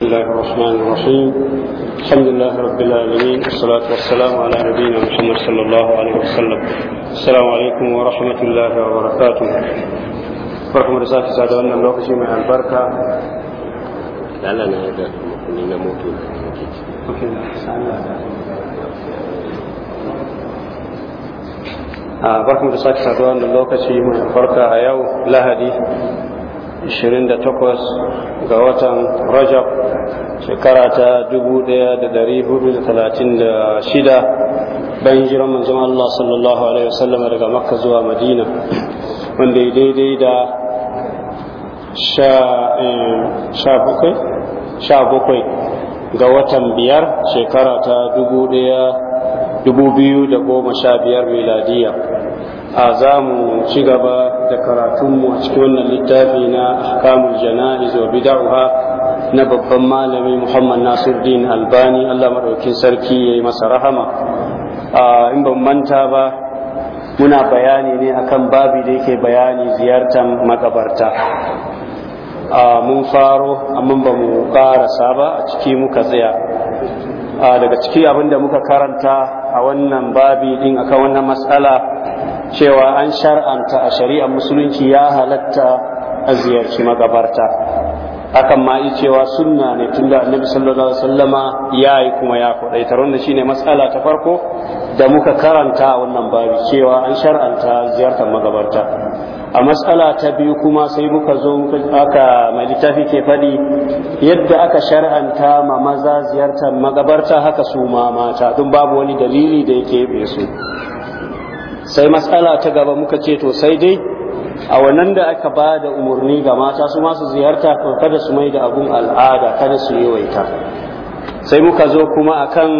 بسم الله الرحمن الرحيم الحمد لله رب العالمين والصلاة والسلام على نبينا محمد صلى الله عليه وسلم السلام عليكم ورحمة الله وبركاته بركم رسالة سعد وانا الله شيء مع البركة لا لا لا هذا كلنا موتون barkan da sake saduwa wannan lokaci mai farka a yau lahadi 28 ga watan rajab shekara ta 1436 bayan jiran manzon Allah sallallahu alaihi wasallam daga makka zuwa madina wanda ya daidai da sha eh, bakwai ga watan biyar shekara ta 2015 miladiya a za mu ci gaba da karatunmu a cikin wannan littafi na kamun jana'iz wa bid'aha na babban malami muhammad nasiruddin albani allah maɗaukin sarki ya yi masa rahama in ban manta ba muna bayani ne akan babi da yake bayani ziyartar makabarta mun faro amma ba mu ƙarasa ba a ciki muka tsaya daga ciki abinda muka karanta a wannan babi din akan wannan matsala cewa an shar'anta a shari'ar musulunci ya halatta a ziyarci makabarta akan ma yi cewa sunna ne tunda annabi sallallahu alaihi wasallama ya yi kuma ya kwadaitar wannan shine matsala ta farko da muka karanta a wannan babi cewa an shar'anta ziyartar magabarta a matsala ta biyu kuma sai muka zo aka mai littafi ke faɗi yadda aka shar'anta ma maza ziyartar magabarta haka su ma mata don babu wani dalili da ya keɓe su sai matsala ta gaba muka ce to sai dai a wannan da aka ba da umarni ga mata su masu ziyarta to kada su mai da abun al'ada kada su yawaita sai muka zo kuma akan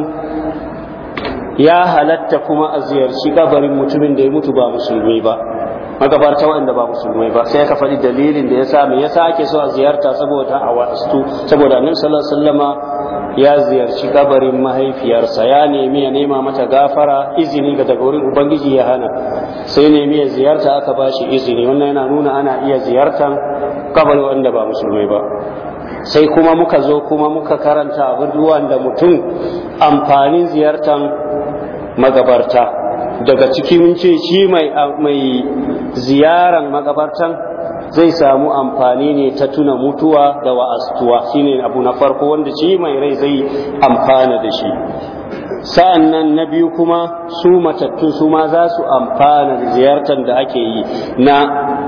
ya halatta kuma a ziyarci kabarin mutumin da ya mutu ba musulmi ba magabarta waɗanda ba musulmai ba sai ka faɗi dalilin da ya sa me yasa ake so a ziyarta saboda a wasu saboda annabi sallallahu alaihi wasallama ya ziyarci kabarin mahaifiyarsa ya nemi ya nema mata gafara izini ga daga wurin ubangiji ya hana sai nemi ya ziyarta aka ba shi izini wannan yana nuna ana iya ziyartan kabarin wanda ba musulmai ba sai kuma muka zo kuma muka karanta ruwan da mutum amfanin ziyartan magabarta daga cikin ce shi mai ziyaran magabartan zai samu amfani ne ta tuna mutuwa da wa'astuwa ne abu na farko wanda shi mai rai zai amfana da shi sa'an nan na biyu kuma su matattu su ma za su amfana da ziyartar da ake yi na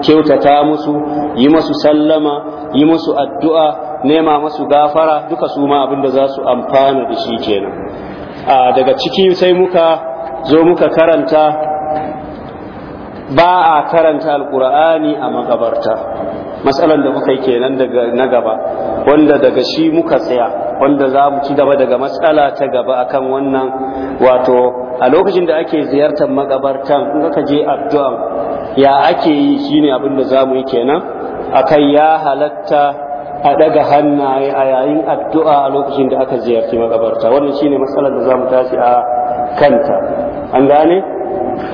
kyautata musu yi masu sallama yi musu addu'a nema masu gafara duka su ma abinda za su amfana da shi kenan daga ciki sai muka zo muka karanta ba a karanta alkur'ani a magabarta matsalan da muka yi kenan na gaba wanda daga shi muka tsaya wanda za mu ci gaba daga matsala ta gaba akan wannan wato a lokacin da ake ziyartar magabartan in aka je addu'a ya ake yi shine abin da za mu yi kenan akan ya halatta a daga hannaye a yayin addu'a a lokacin da aka ziyarci magabarta wannan shine matsalar da za mu tashi a kanta an gane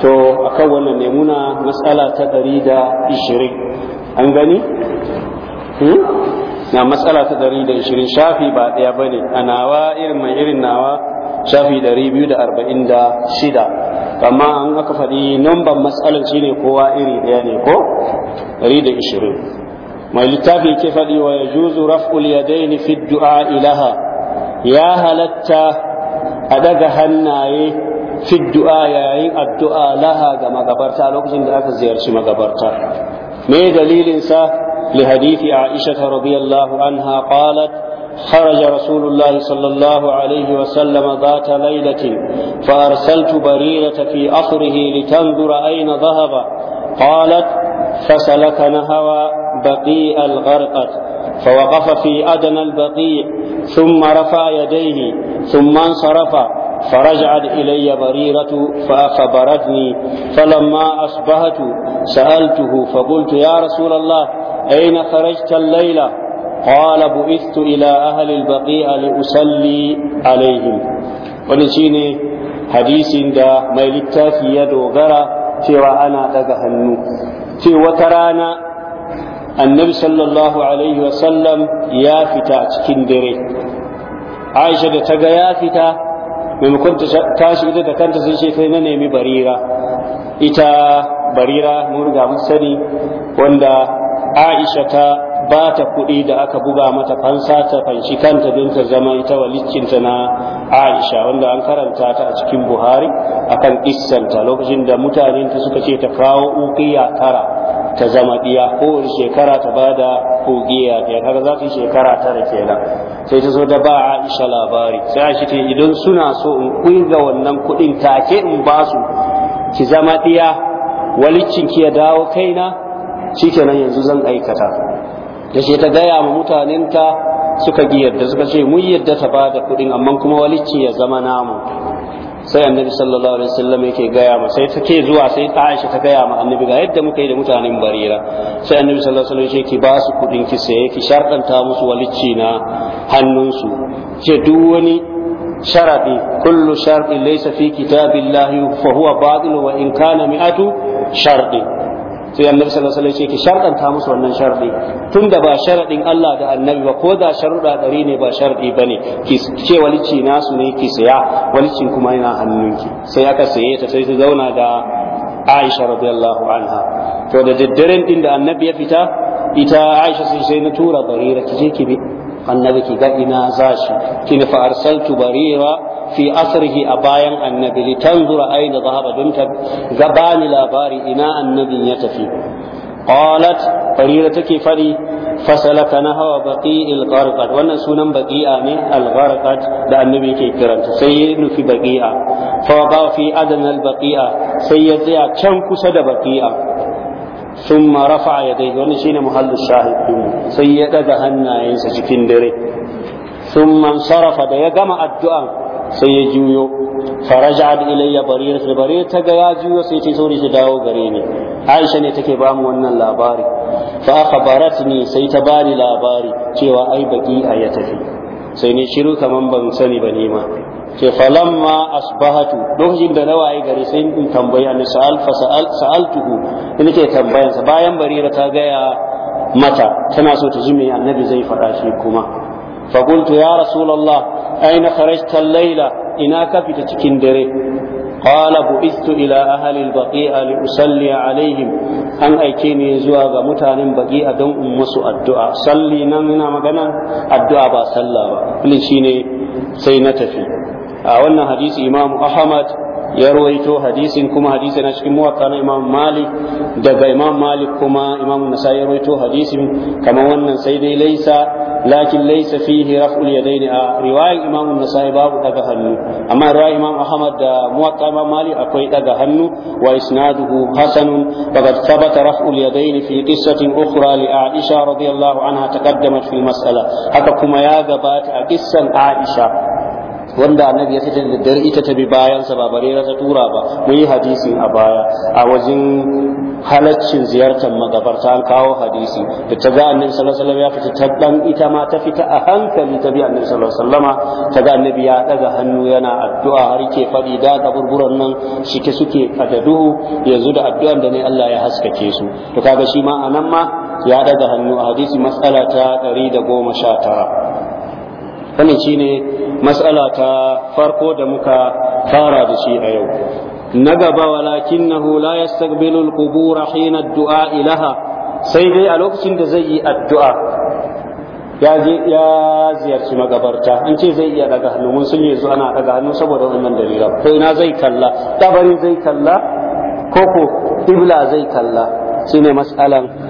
to akan wannan ne muna matsala ta ɗari da ishirin an gani? Hmm? na matsala ta ɗari da ishirin shafi ba ɗaya ba ne a nawa irin mai irin nawa shafi ɗari biyu da arba'in da shida amma an aka faɗi numban matsalan shi ne kowa iri ɗaya ne ko ɗari da ishirin mai littafi ke faɗi wa ya juzu raf'ul yadaini fi du'a ilaha ya halatta a daga hannaye fi du'a yayin addu'a laha ga magabarta lokacin da aka ziyarci magabarta me dalilin sa li hadithi Aisha radhiyallahu anha qalat خرج رسول الله صلى الله عليه وسلم ذات ليلة فأرسلت بريرة في أخره لتنظر أين ذهب قالت فسلك نهوى بقيء الغرقد فوقف في أدنى البقيع ثم رفع يديه ثم انصرف فرجعت إلي بريرة فأخبرتني فلما أصبحت سألته فقلت يا رسول الله أين خرجت الليلة قال بعثت إلى أهل البقيع لأصلي عليهم ونشيني حديث دا ما للتافي يدو غرى cewa ana daga hannu ce wata rana annabi sallallahu alaihi wasallam ya fita cikin dare aisha da ta ga ya fita maimakon ta shiga da kanta sun ce kai na nemi barira ita barira murga riga mun sani wanda aisha ta ba ta kuɗi da aka buga mata fansa ta fanshi kanta don ta zama ita walikinta na aisha wanda an karanta ta a cikin buhari akan issanta lokacin da mutanen ta suka ce ta kawo ukiya tara ta zama ɗiya kowace shekara ta ba da kogiya biyar kaga za ta yi shekara tara kenan sai ta zo da ba aisha labari sai shi ta idan suna so in kunga wannan kuɗin take in ba su ki zama ɗiya walicin ki ya dawo kai kaina shikenan yanzu zan aikata da shi ta gaya ma mutanenta suka giyar da suka ce mun yadda ta ba da kuɗin amma kuma walicin ya zama namu sai annabi sallallahu alaihi wasallam yake gaya ma sai take zuwa sai Aisha ta gaya ma annabi ga yadda muka yi da mutanen Barira sai annabi sallallahu alaihi wasallam yake ba su kudin ki sai ki sharɗanta musu walicci na hannunsu ce duk wani sharadi kullu sharɗi laysa fi kitabillahi fa huwa batil wa in kana mi'atu sharɗi sai annabi sallallahu alaihi wasallam yake sharɗanta musu wannan sharɗi tunda ba sharaɗin Allah da annabi ba ko da sharuɗa ɗari ne ba sharɗi bane ki ce walici nasu ne ki saya walicin kuma yana hannunki sai aka saye ta sai ta zauna da Aisha radiyallahu anha to da daddaren din da annabi ya fita ita Aisha sai na tura barira ki je ki bi ki ga ina zashi kini fa arsaltu barira fi asrihi a bayan annabi litanzura aina zahaba don ta gabani labari ina annabi ya tafi qalat farira take fari fasalaka na hawa baqi'il gharqad wannan sunan baqi'a ne al da annabi yake kiranta sai ya nufi baqi'a fa ba fi adan al baqi'a sai ya tsaya can kusa da baqi'a thumma rafa'a yadayhi wannan shine muhallu shahid din sai ya daga hannayensa cikin dare thumma sarrafa. da ya gama addu'an sai ya juyo faraja'at ilayya barira barira ta ga ya juyo sai ce sauri ki dawo gare ni Aisha ne take ba mu wannan labari fa ne sai ta ba ni labari cewa ai baki ya tafi sai ni shiru kamar ban sani ba nima ke ma asbahatu lokacin da na rawaye gari sai in tambaya ni sa'al fa sa'al ina ce tambayan sa bayan barira ta gaya mata tana so ta ji me annabi zai faɗa shi kuma fa ya rasulallah aina kharajta al-laila ina ka fita cikin dare qala bu'istu ila ahli baƙi baqia li usalli alaihim an aike ni zuwa ga mutanen baqi'a don in musu addu'a salli nan ina magana addu'a ba sallah ba shine sai na tafi a wannan hadisi imamu ahmad ya rawaito hadisin kuma hadisi na cikin muwatta na imam malik daga imam malik kuma imam nasa ya rawaito hadisin kamar wannan sai dai laisa lakin laisa fihi raf'ul yadaini a riwaya imam nasa babu daga hannu amma riwaya imam ahmad da muwatta imam malik akwai daga hannu wa isnaduhu hasanun wa qad thabata raf'ul yadaini fi qissatin ukhra li aisha radiyallahu anha taqaddamat fi mas'ala haka kuma ya gabata a qissan aisha wanda annabi ya fita da dare ita ta bi bayansa ba bare ta tura ba mun yi hadisi a baya a wajen halaccin ziyartar magabarta an kawo hadisi da ta ga annabi sallallahu alaihi ya fita ta dan ita ma ta fita a hankali ta bi annabi sallallahu alaihi wasallam ta ga annabi ya daga hannu yana addu'a har ke fadi da kaburburan nan shike suke fadadu yanzu da addu'an da ne Allah ya haskake su to kaga shi ma anan ma ya daga hannu a hadisi matsala ta 119 wannan shine mas'ala ta farko da muka fara da shi a yau na gaba walakin na hula al-qubur hina dua ilaha sai dai a lokacin da zai yi addu'a ya ziyarci magabarta an ce zai iya daga hannu mun sun zuwa ana daga hannu saboda wannan dalila ko ina zai kalla tabari zai kalla ko ko ibla zai kalla shine mas'alan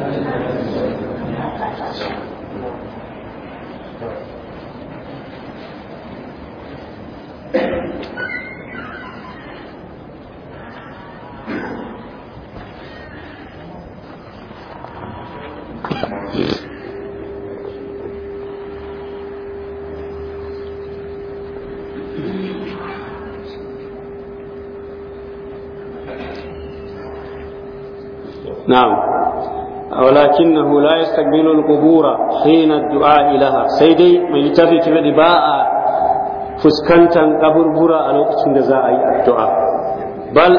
na'am ولكنه لا يستقبل القبور حين الدعاء لها سيدي من يتفي كبدي باء fuskantar kaburbura a lokacin da za a yi addu'a bal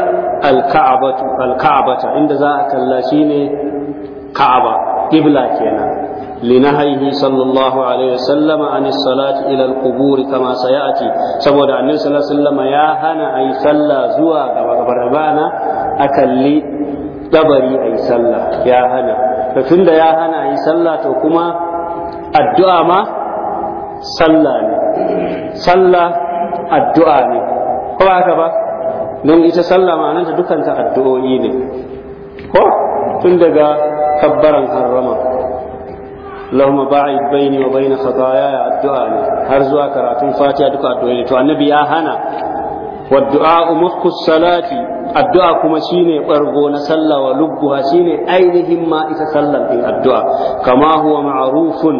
alka'abatu alka'abata inda za a kalla shi ne ka'aba qibla kenan linahaihi sallallahu alaihi wasallama an salati ila alqubur kama sayati saboda annabi sallallahu alaihi ya hana ayi sallah zuwa ga barbana a kalli dabari a yi sallah ya hana tafin da ya hana a yi sallah to kuma addu'a ma sallah ne sallah addu'a ne ko haka ba don ita sallah ta dukkan ta addu'o'i ne ko tun daga kabbaran harrama Allahumma ba'id baini wa baina khataaya addu'a ne har zuwa karatun fatiha duka addu'a ne to annabi ya hana wa du'a mufkus salati addu'a kuma shine bargo na sallah wa lubbuha shine ainihin ma ita sallar din addu'a kama huwa ma'rufun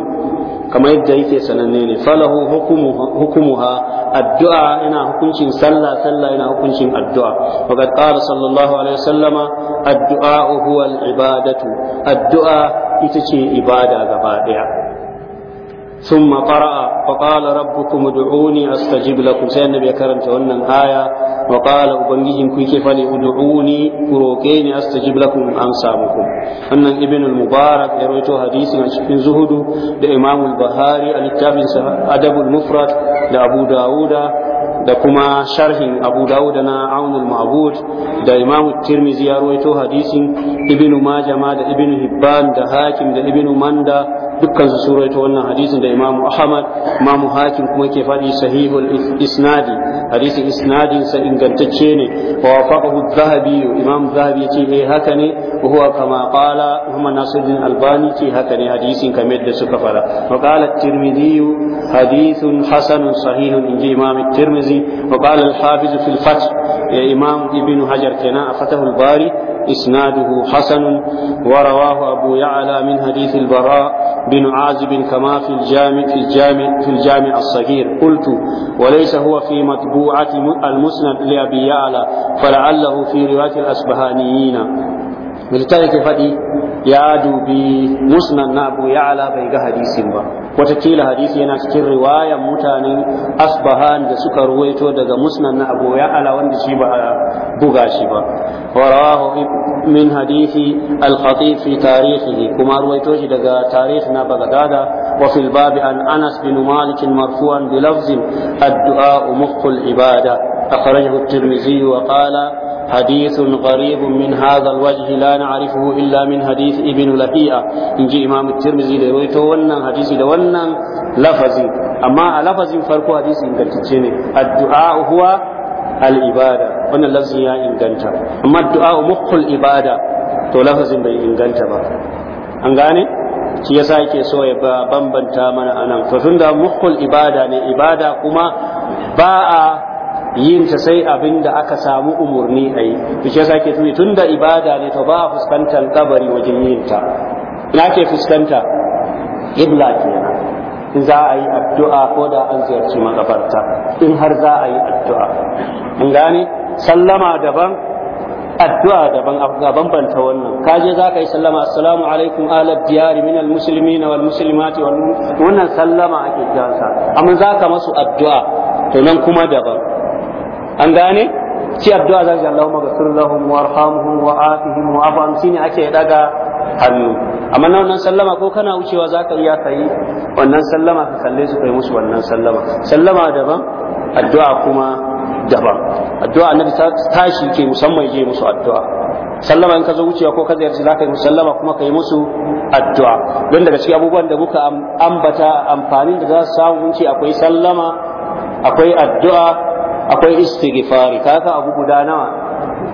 kama yadda yake sananne ne falahu hukumuha addu'a yana hukuncin sallah sallah yana hukuncin addu'a wa qad qala sallallahu alaihi wasallama addu'a huwa al-ibadatu addu'a ita ce ibada gaba daya ثم قرأ فقال ربكم ادعوني أستجب لكم سيدنا بكرمت وأن آية وقال أبنجهم كيف ادعوني كروكيني أستجب لكم أنسامكم أن ابن المبارك يرويته حديث عن زهد لإمام البهاري الكتاب أدب المفرد لأبو داود da kuma sharhin abu dawud na aunul ma'bud da imam tirmizi ya ruwaito hadisin ibnu majama da ibnu hibban da hakim da ibnu manda dukkan su sun rawaito wannan hadisin da Imam Ahmad Imam Hakim kuma ke faɗi sahihul isnadi hadisin isnadin sa ingantacce ne wa wafaqahu Zahabi Imam Zahabi yace eh haka ne huwa kama qala Muhammad Nasiruddin Albani ce haka ne hadisin kamar da suka fara wa qala Tirmidhi hadithun hasanun sahihun inji Imam Tirmidhi wa qala al-Hafiz fil Fath Imam Ibn Hajar kenan a Fathul Bari إسناده حسن ورواه أبو يعلى من حديث البراء بن عازب كما في الجامع في الجامع في الجامع الصغير قلت وليس هو في مطبوعة المسند لأبي يعلى فلعله في رواية الأسبهانيين militari ke faɗi ya dubi musnan na abu ya'ala bai ga hadisin ba watakila hadisi yana cikin riwayan mutanen asbahan da suka ruwaito daga musnan na abu ya ala wanda shi ba a buga shi ba wa rawahu min hadisi al-khatib fi tarihihi kuma ruwaito shi daga tarikh na bagdada wa fil bab an anas bin malik marfu'an bi lafzin ad-du'a mukhul ibada akhrajahu at-tirmidhi wa qala حديث قريب من هذا الوجه لا نعرفه إلا من حديث ابن لهيئة إن جي إمام الترمذي لويته ونن حديثي لونن لفظي أما لفظ فرق حديث إن الدعاء هو العبادة وأن اللفظ يا إن أما الدعاء مخ العبادة to lafazin bai inganta ba an gane shi yasa yake so ya bambanta mana anan to tunda mukhul ibada ne ibada kuma ba a yin ta sai abin da aka samu umurni a yi to shi yasa ke tuni tunda ibada ne to ba a fuskantar kabari wajen yin ta na ke fuskanta ibla kenan in za a yi addu'a ko da an ziyarci makabarta in har za a yi addu'a in gane sallama daban addu'a daban a bambanta wannan ka je za ka yi sallama assalamu alaikum ala diyari minal na wal muslimati wannan sallama ake kiransa amma za ka masu addu'a to nan kuma daban an gane ci addu'a za ka Allahumma ghfir lahum warhamhum wa afihim wa afam shine ake daga hannu amma nan wannan sallama ko kana wucewa za iya kai wannan sallama ka kalle su kai musu wannan sallama sallama daban addu'a kuma daban addu'a annabi tashi ke musamman je musu addu'a sallama in ka zo wucewa ko ka ziyarci za ka yi sallama kuma ka yi musu addu'a don daga cikin abubuwan da kuka ambata amfanin da za su samu mun ce akwai sallama akwai addu'a akwai istighfari kaga abu guda nawa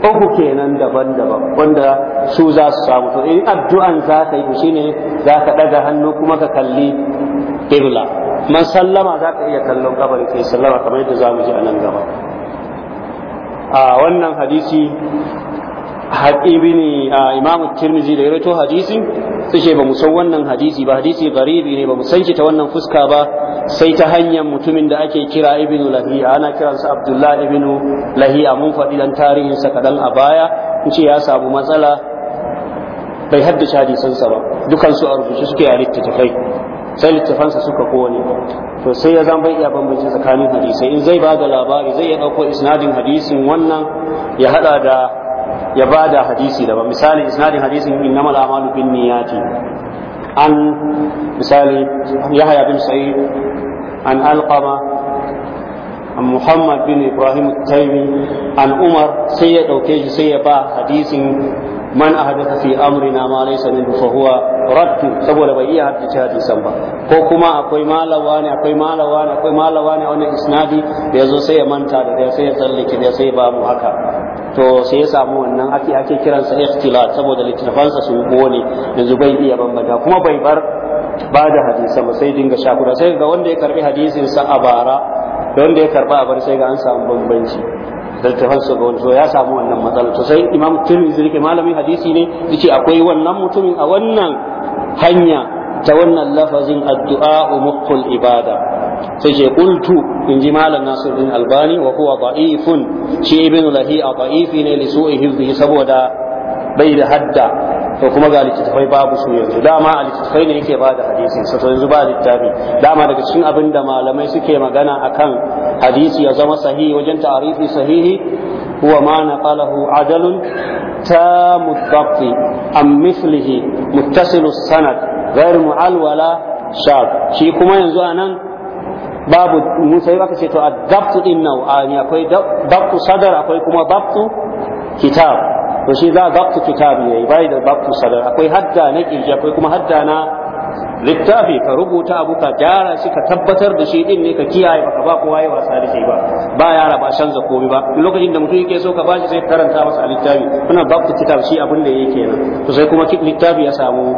uku kenan daban-daban wanda su za su samu to in addu'an za ka yi shine za ka ɗaga hannu kuma ka kalli qibla man sallama za ka iya kallon kabari kai sallama kamar yadda za mu ji a nan gaba a wannan hadisi haƙi bini a imam tirmizi da ya hadisi su ce ba mu san wannan hadisi ba hadisi garibi ne ba mu san shi ta wannan fuska ba sai ta hanyar mutumin da ake kira ibinu lahiya ana kiransa abdullah Ibn lahiya mun faɗi dan tarihinsa kaɗan a baya in ce ya samu matsala bai haddace hadisansa ba dukansu a rubuce suke a littattafai sai littafansa suka kowane to sai ya zan bai iya bambanci tsakanin hadisai in zai ba da labari zai iya ɗauko isnadin hadisin wannan ya haɗa da ya ba da hadisi da ba misali isnadin hadisin innamal a'malu bin niyyati an misali yahya bin sa'id an alqama an muhammad bin ibrahim taimi an umar sai ya dauke shi sai ya ba hadisin man ahdatha fi amrina ma laysa min fa huwa radd saboda bai iya haddace hadisan ba ko kuma akwai malawa ne akwai malawa ne akwai malawa ne wannan isnadi da yazo sai ya manta da sai ya tsallake da sai ba mu haka to sai ya samu wannan ake ake kiransa ikhtilat saboda littafansa su gone yanzu bai iya bambanta kuma bai bar ba da hadisa ba sai dinga shakura sai ga wanda ya karbi hadisin sa a bara da wanda ya karba a bar sai ga an samu bambanci littafansa su ga wanda ya samu wannan matsala to sai imam tirmidhi yake malamin hadisi ne yace akwai wannan mutumin a wannan hanya ta wannan lafazin addu'a muqqul ibada sai ce qultu in ji malam nasiruddin albani wa huwa da'ifun shi ibnu lahi a da'ifi ne li su'i hifdhi saboda bai da hadda to kuma ga littattafai babu su yanzu dama a littattafai ne yake ba da hadisi sa to yanzu ba littafi dama daga cikin abin da malamai suke magana akan hadisi ya zama sahihi wajen ta'arifi sahihi huwa ma naqalahu adalun tamu dhabti am mithlihi muttasilu sanad غير معل wala شاذ shi kuma yanzu anan babu musa yi aka ce to a dabtu din ne akwai dabtu sadar akwai kuma dabtu kitab to shi za a dabtu kitab yayi bai da dabtu sadar akwai hadda na kirji akwai kuma hadda na littafi ka rubuta abu ka gyara shi ka tabbatar da shi din ne ka kiyaye baka ba kowa yi wasa da shi ba ba yara ba canza komai ba lokacin da mutum yake so ka bashi sai karanta masa a littafi kuna babta kitab shi abin da yake nan to sai kuma littafi ya samu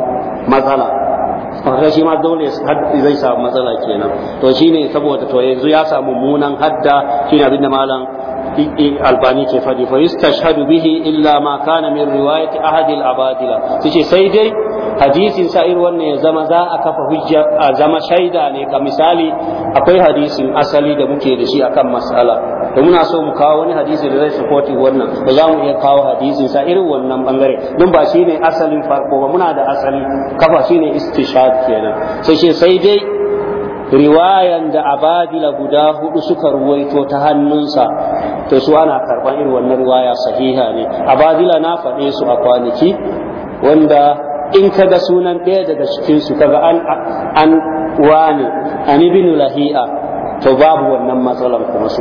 matsala kaga shi ma dole zai samu matsala kenan to shine saboda to yanzu ya samu munan hadda shine abin da malam albani ke fadi fa yustashhadu bihi illa ma kana min riwayati ahadi al-abadila ce sai dai hadisin sa'ir wannan ya zama za a kafa hujja a zama shaida ne ka misali akwai hadisin asali da muke da shi akan mas'ala to muna so mu kawo wani hadisi da zai supporti wannan ba za mu iya kawo hadisin sa irin wannan bangare don ba shine asalin farko ba muna da asali kafa shine istishad kenan sai shi sai dai riwayan da ababila guda hudu suka ruwaito ta hannunsa to su ana karban irin wannan riwaya sahiha ne ababila na faɗe su a kwanaki wanda in ka ga sunan ɗaya daga cikin su kaga an an wani an ibn lahi'a to babu wannan matsalar kuma su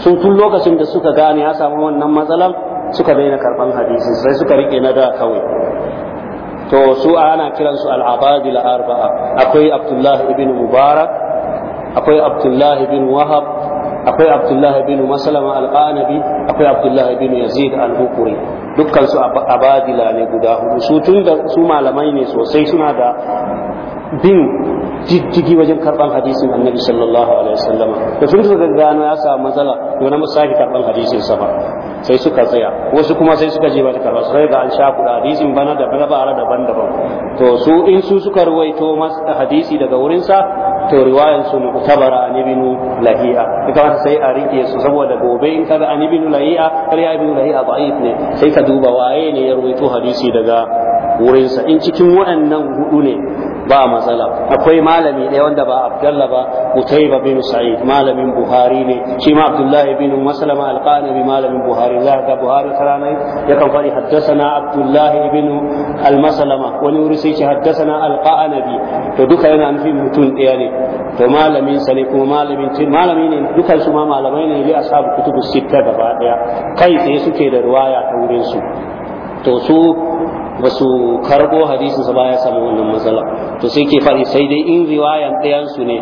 su tun lokacin da suka gane ya samu wannan matsalar suka daina karɓar hadisi sai suka riƙe na da kawai to su ana kiransu al-abadil arba'a akwai abdullahi ibn mubarak akwai abdullahi ibn wahab akwai abdullahi ibn maslama al anabi akwai abdullahi ibn yazid al-bukuri dukkan su abadila ne guda hudu su tun da su malamai ne sosai suna da bin jijjigi wajen karban hadisin annabi sallallahu alaihi wasallama da sun daga gano ya samu matsala to na musafi karban hadisin sa ba sai suka tsaya wasu kuma sai suka je ba ta karba sai ga an sha kuɗa hadisin bana da bana daban daban to su in su suka ruwaito masa hadisi daga wurin sa to riwayan su mu'tabara an ibn lahiya ita sai a rike su saboda gobe in kaga an ibn lahiya kar ya ibnu lahiya da'if ne sai ka duba waye ne ya ruwaito hadisi daga wurinsa in cikin waɗannan hudu ne ba matsala akwai malami ɗaya wanda ba abdalla ba utaiba bin sa'id malamin buhari ne shi ma abdullahi bin maslama alqanabi malamin buhari za ka buhari karanai yakan fari haddasana abdullahi bin almaslama wani wuri sai shi haddasana alqanabi to duka yana nufin mutum ɗaya ne to malamin sa ne kuma malamin Tin malami ne dukan su ma malamai ne li ashabu kutubu sitta gaba ɗaya kai tsaye suke da riwaya ta wurin su to su ba su karbo hadisin sa baya samu wannan matsala to sai ke fari sai dai in riwayan ɗayan su ne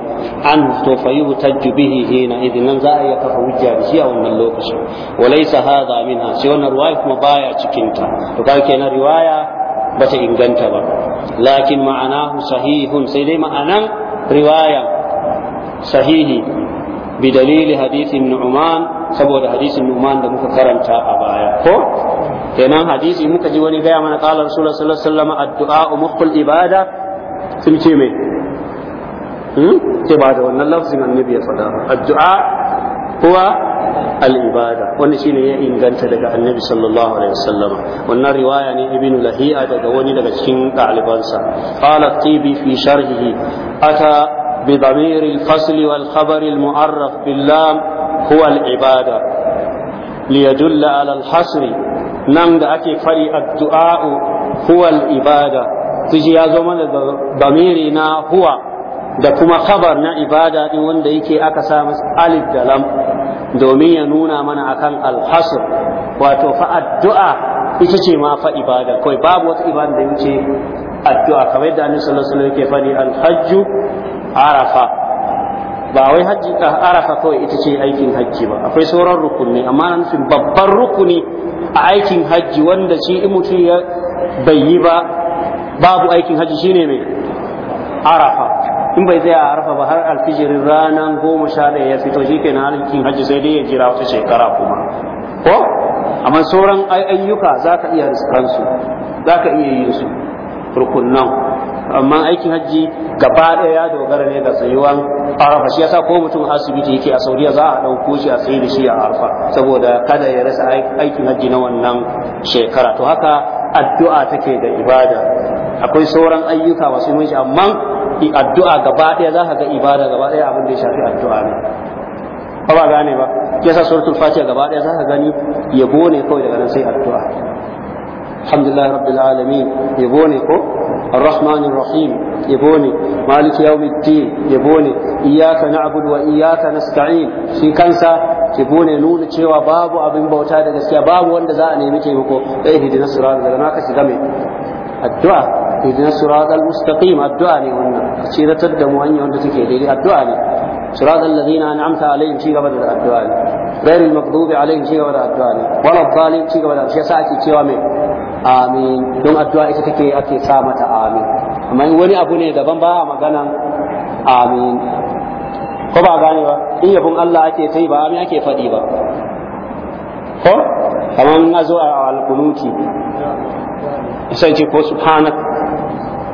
an to fa yuhtajju bihi hina idan za a iya kafa hujja da shi a wannan lokacin walaysa hadha minha sai wannan riwaya kuma baya cikin ta to kaga kenan riwaya bata inganta ba lakin ma'anahu sahihun sai dai ma'anan riwaya sahihi bi dalili hadisin nu'man saboda hadisin nu'man da muka karanta a baya ko kenan hadisi muka ji wani gaya mana qala rasulullah sallallahu alaihi wasallam addu'a mukhul ibada sun ce me hmm ce ba da wannan lafzin annabi ya faɗa addu'a huwa al-ibada wani shine ya inganta daga annabi sallallahu alaihi wasallam wannan riwaya ne ibn lahiya daga wani daga cikin ɗalibansa qala tibi fi sharhihi ata bi al wal بضمير الفصل والخبر المعرف huwa al ibada ليدل على الحصر nan da ake fari addu'a'u huwal ibada kuji ya zo mana da bamiri na huwa da kuma khabar na ibada din wanda yake aka sa masa alif da lam domin ya nuna mana akan alhasr wato fa addu'a ita ce ma fa ibada kai babu wata ibada da yake addu'a kamar yadda annabi sallallahu alaihi wasallam yake fari alhajju arafa ba wai hajji arafa kawai ita ce aikin hajji ba akwai sauran rukuni amma na nufin babban rukuni a aikin hajji wanda shi in mutum ya bai yi ba babu aikin hajji shine mai arafa in bai zai a arafa ba har alfijirin ranar goma sha ɗaya ya fito shi ke na aikin hajji sai dai ya jira wata shekara kuma ko amma sauran ayyuka za ka iya riskansu za ka iya yin rukunan amma aikin hajji gaba ɗaya ya dogara ne ga tsayuwan arafa shi yasa ko mutum asibiti yake a saudiya za a ɗauko shi a tsaye da shi a arafa saboda kada ya rasa aikin hajji na wannan shekara to haka addu'a take da ibada akwai sauran ayyuka masu yi amma addu'a gaba ɗaya za ka ga ibada gaba ɗaya abin da ya shafi addu'a ne ba ba gane ba yasa suratul fatiha gaba ɗaya za ka gani yabo ne kawai daga nan sai addu'a alhamdulillah rabbil alamin yabo ne ko الرحمن الرحيم يبوني مالك يوم الدين يبوني إياك نعبد وإياك نستعين في كنسا يبوني نون تشيوا بابو أبن بوتا دا جسكيا بابو وند زا نيمي تيمكو اهدنا الصراط دا ما كسي غمي الدعاء اهدنا الصراط المستقيم الدعاء ني wannan ce da tadda mu hanya wanda take daidai addu'a ne صراط الذين أنعمت عليهم شيء قبل الدعاء غير المغضوب عليهم شيء قبل الدعاء ولا الضالين شيء قبل الدعاء شيء ساعتي تشيوا مي amin don addu'a ita take ake sa mata amin amma wani abu ne daban ba a magana amin ko ba gane ba in yabon Allah ake ta ba amin ake faɗi ba ko kamar na zo a alkunuti sai ce ko subhanak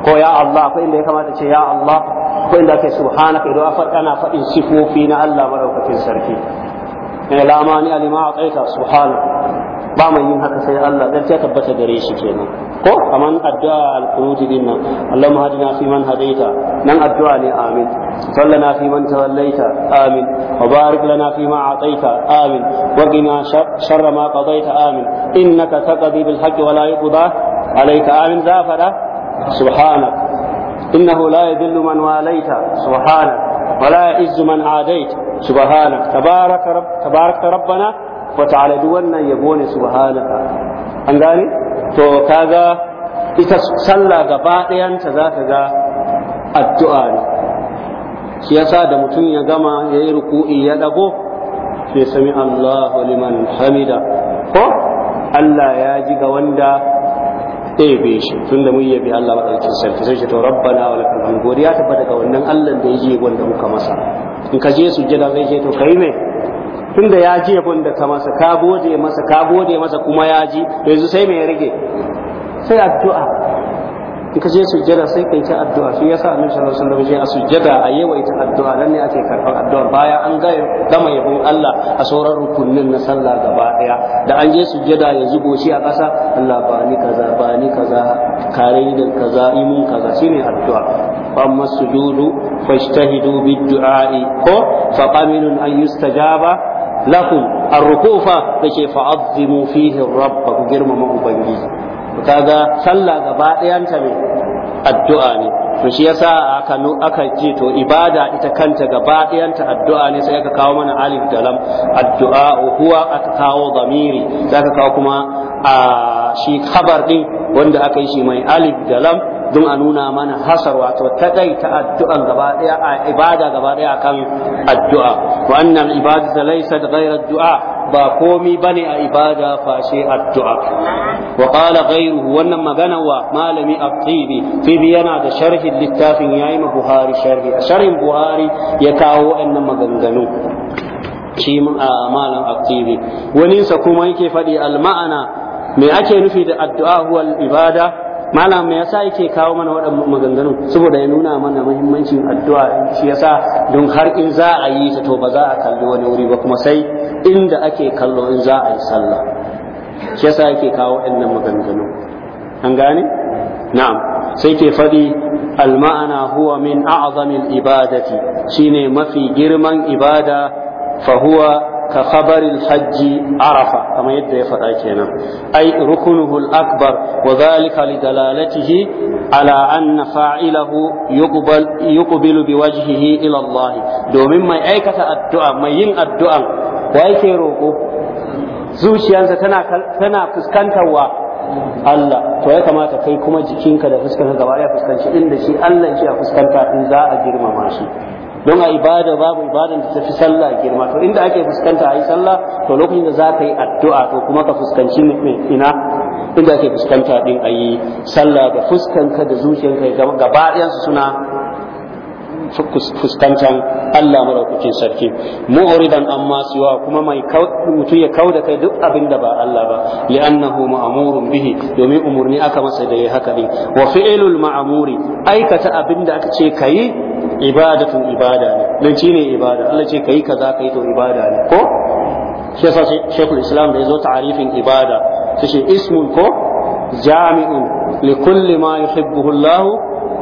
ko ya Allah akwai inda ya kamata ce ya Allah akwai inda ake subhanaka idan ana faɗin sifofi na Allah madaukakin sarki ne eh, lamani alima a tsaita subhanak ba mai yin haka sai Allah dan ya tabbata gare shi kenan ko kaman addu'a al-qunuti din nan Allahumma hadina fi man hadaita nan addu'a ne amin sallana fi man tawallaita amin wa barik lana fi ma ataita amin wa qina sharra ma qadaita amin innaka taqdi bil haqqi wa la yuqda alayka amin za fada subhanak innahu la yadhillu man walaita subhanak ولا يعز من عاديت سبحانك تبارك رب تبارك ربنا wa ta'ala duk wannan yabo ne subhanaka an gane to kaga ita sallah gaba ɗayanta za ka ga addu'a ne shi yasa da mutum ya gama ya yi ruku'i ya ɗago sai sami Allahu liman hamida ko Allah ya ji ga wanda ɗebe shi tun da mun yabi Allah maɗaukin sarki sai shi to rabbana wa lakal hamdu godiya tabbata ga wannan Allah da ya ji wanda muka masa in ka je sujjada zai ce to kai me tunda ya ji abin da ka masa ka gode masa ka gode masa kuma ya ji yanzu sai mai rage sai addu'a in ka je sujjada sai kai ta addu'a shi yasa annabi sallallahu alaihi wasallam a sujjada a yawaita addu'a dan ne ake karɓar addu'a bayan an ga gama yabon Allah a sauran rukunin na sallah gaba daya da an je sujjada ya zubo shi a ƙasa Allah ba ni kaza ba ni kaza kare ni da kaza yi kaza shine addu'a amma sujudu fashtahidu bid du'a'i ko fa qaminun an yustajaba lakum ar-rukufa yace fa'azzimu fihi rabb ku girmama ubangiji kaga sallah gaba ɗayan ta ne addu'a ne to shi a aka aka ce to ibada ita kanta gaba ɗayan addu'a ne sai aka kawo mana alif da lam addu'a aka kawo zamiri sai aka kawo kuma a shi khabar din wanda aka yi shi mai alif da don a nuna mana hasar wato takaita addu'an gaba daya a ibada gaba daya akan addu'a wa annal Laysa da ghayra du'a ba komi bane a ibada fashe addu'a wa qala ghayruhu wannan magana wa malami at-tibi tibi yana da sharhin littafin yayi ma buhari sharhi sharhin buhari ya kawo wannan maganganu shi a malam at-tibi wani sa kuma yake faɗi al-ma'ana me ake nufi da addu'a huwa al-ibada malam me yasa yake kawo mana waɗannan maganganun saboda ya nuna mana muhimmancin addu'a shi yasa don har in za a yi ta to ba za a kalli wani wuri ba kuma sai inda ake kallo in za a yi sallah shi yasa yake kawo waɗannan maganganu an gane na'am sai ke faɗi alma'ana huwa min a'zamil ibadati shine mafi girman ibada fa huwa ka khabaril hajji arafa kamar yadda ya faɗa kenan ai rukunuhu akbar wa dhalika li dalalatihi ala anna fa'ilahu yuqbal yuqbilu biwajhihi ila Allah domin mai aikata addu'a mai yin addu'an wa yake roƙo zuciyarsa tana tana fuskantarwa Allah to ya kamata kai kuma jikinka da fuskanka gaba ya fuskanci inda shi Allah shi a fuskanta in za a girmama shi don a ibada babu ibadan da tafi sallah girma to inda ake fuskanta a yi sallah to lokacin da za ka yi addu'a to kuma ka fuskanci ina inda ake fuskanta din a yi sallah da fuskanka da zuciyanka gaba ɗayansu suna fuskantan Allah maɗaukakin sarki mu'ridan amma siwa kuma mai mutum ya kauda kai duk abin da ba Allah ba annahu ma'murun bihi domin umurni aka masa da yayi haka din wa fi'lul ma'muri aikata abin da aka ce kayi ibadatun ibada ne don ne ibada Allah ce kai kaza kai to ibada ne ko shi yasa shekul islam da yazo ta'arifin ibada su ce ismun ko jami'un li kulli ma yuhibbuhu Allah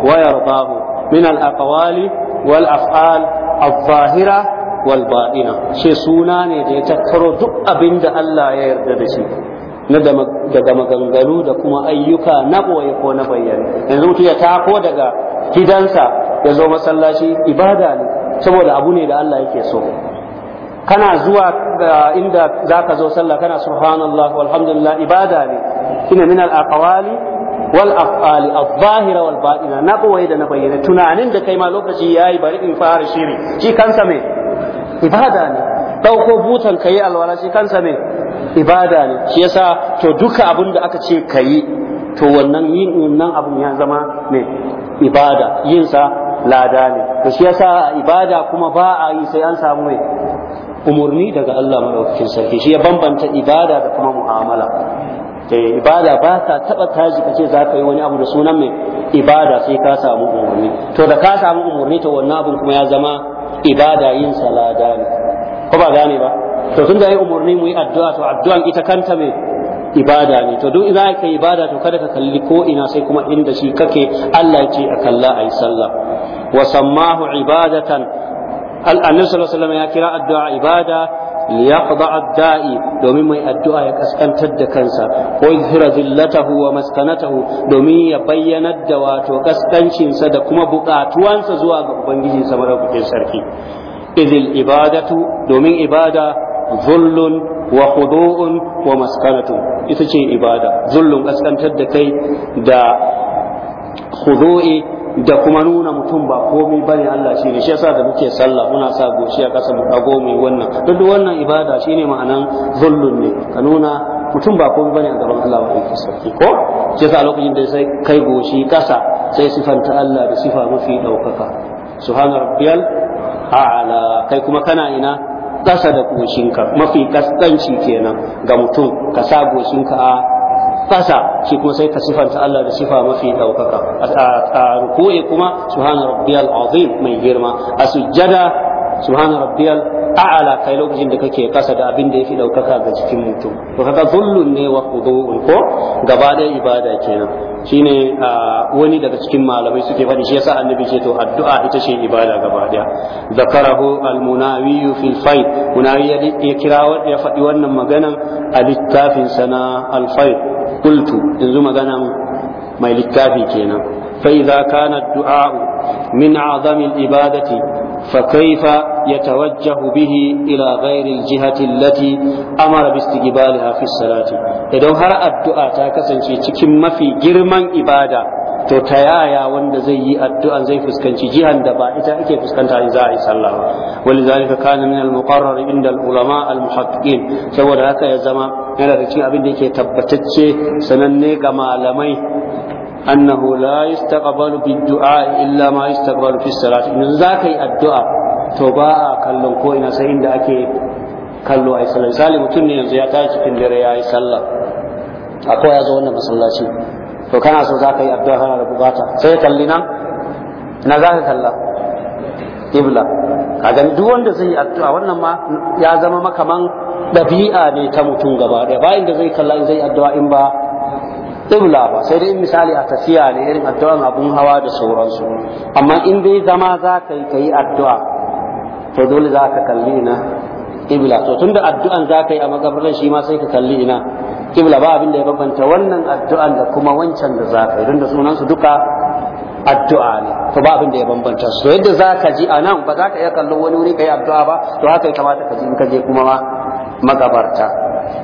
wa yardahu min al aqwali wal af'al al zahira wal ba'ina. shi suna ne da ya tattaro duk abin da Allah ya yarda da shi na daga maganganu da kuma ayyuka na boye ko na bayyana yanzu mutum ya tako daga gidansa ya zo masallaci ibada ne saboda abu ne da Allah yake so kana zuwa uh, inda zaka zo sallah kana subhanallah walhamdulillah ibada ne shine min al wal af'ali adh-dhahira wal batina na koyi da na bayyana tunanin da kai ma lokaci yayi bari in fara shiri shi kansa me ibada ne dauko butan kai alwala shi kansa me ibada ne shi yasa to duka abin da aka ce kayi to wannan yin nan abun ya zama me ibada yin sa lada ne to shi yasa ibada kuma ba a yi sai an samu ne umurni daga Allah madaukakin sarki shi ya bambanta ibada da kuma mu'amala eh, ibada ba ta taba taji ka ce za ka yi wani abu da sunan mai ibada sai ka samu umurni to da ka samu umurni to wannan abun kuma ya zama ibada yin salada ne ko ba gane ba to tun da yi umurni mu yi addu'a to addu'an ita kanta mai ibada ne to duk za ka ibada to kada ka kalli ko ina sai kuma inda shi kake Allah ce a kalla ayi sallah wa sammahu ibadatan annabi sallallahu alaihi ya kira addu'a ibada liyaqda ad-da'i domin mai addu'a ya kaskantar da kansa ko yuzhira zillatahu wa maskanatahu domin ya bayyanar da wato kaskancinsa da kuma buƙatuwansa zuwa ga ubangiji sa madaukakin sarki idil ibadatu domin ibada zullun wa khudu'un wa maskanatun ita ce ibada zullun kaskantar da kai da khudu'i da kuma nuna mutum ba komai bane Allah shi ne shi yasa da muke sallah muna sa goshi a ƙasa mu dago mu wannan duk wannan ibada shine ma'anan zullun ne ka nuna mutum ba komai bane a gaban Allah wa yake sarki ko shi yasa lokacin da sai kai goshi ƙasa sai sifanta Allah da sifa mafi ɗaukaka subhana rabbiyal a'la kai kuma kana ina ƙasa da ƙoshinka mafi ƙasƙanci kenan ga mutum ka sa goshinka a ƙasa shi kuma sai ka sifanta Allah da sifa mafi ɗaukaka a ruku'i kuma subhana rabbiyal azim mai girma a sujjada subhana rabbiyal a'ala kai lokacin da kake ƙasa da abin da ya fi ɗaukaka ga jikin mutum to kaga zullun ne wa ko gaba ɗaya ibada kenan shine wani daga cikin malamai suke faɗi shi yasa annabi ce to addu'a ita ce ibada gaba daya zakarahu almunawi fi faid munawi ya kira ya faɗi wannan maganan a littafin na alfai kultu yanzu maganan mai littafi kenan fa idza kana addu'a min azamil ibadati فكيف يتوجه به إلى غير الجهة التي أمر باستقبالها في الصلاة idan har addu'a ta kasance cikin mafi girman ibada to ta yaya wanda zai yi addu'an zai fuskanci jihan da ba ita ake fuskanta in za a yi sallah ba wani zalika kana min al-muqarrar inda al-ulama al-muhaqqiqin saboda haka ya zama yana da cikin abin da yake tabbatacce sananne ga malamai annahu la yastaqbalu bid-du'a illa ma yastaqbalu fi salati idan zaka yi addu'a to ba a kallon ko ina sai inda ake kallo ai sallah misali mutum ne yanzu ya tashi cikin dare ya yi sallah akwai ya zo wannan masallaci to kana so zaka yi addu'a kana da bukata sai kalli nan na zaka kalla ibla kaga duk wanda zai yi addu'a wannan ma ya zama makaman dabi'a ne ta mutum gaba ɗaya bayan da zai kalla zai addu'a in ba Ibla ba sai dai misali a tafiya ne irin addu'an abun hawa da sauransu amma in dai zama za ka yi ka yi addu'a to dole za ka kalli ina ibla to tunda addu'an za ka yi a makabarin shi ma sai ka kalli ina ibla ba abin da ya bambanta wannan addu'an da kuma wancan da za ka yi don da sunansu duka addu'a ne to ba abin da ya bambanta su yadda za ka ji a nan ba za ka iya kallon wani wuri ka yi addu'a ba to haka ya kamata ka ji in ka je kuma ma magabarta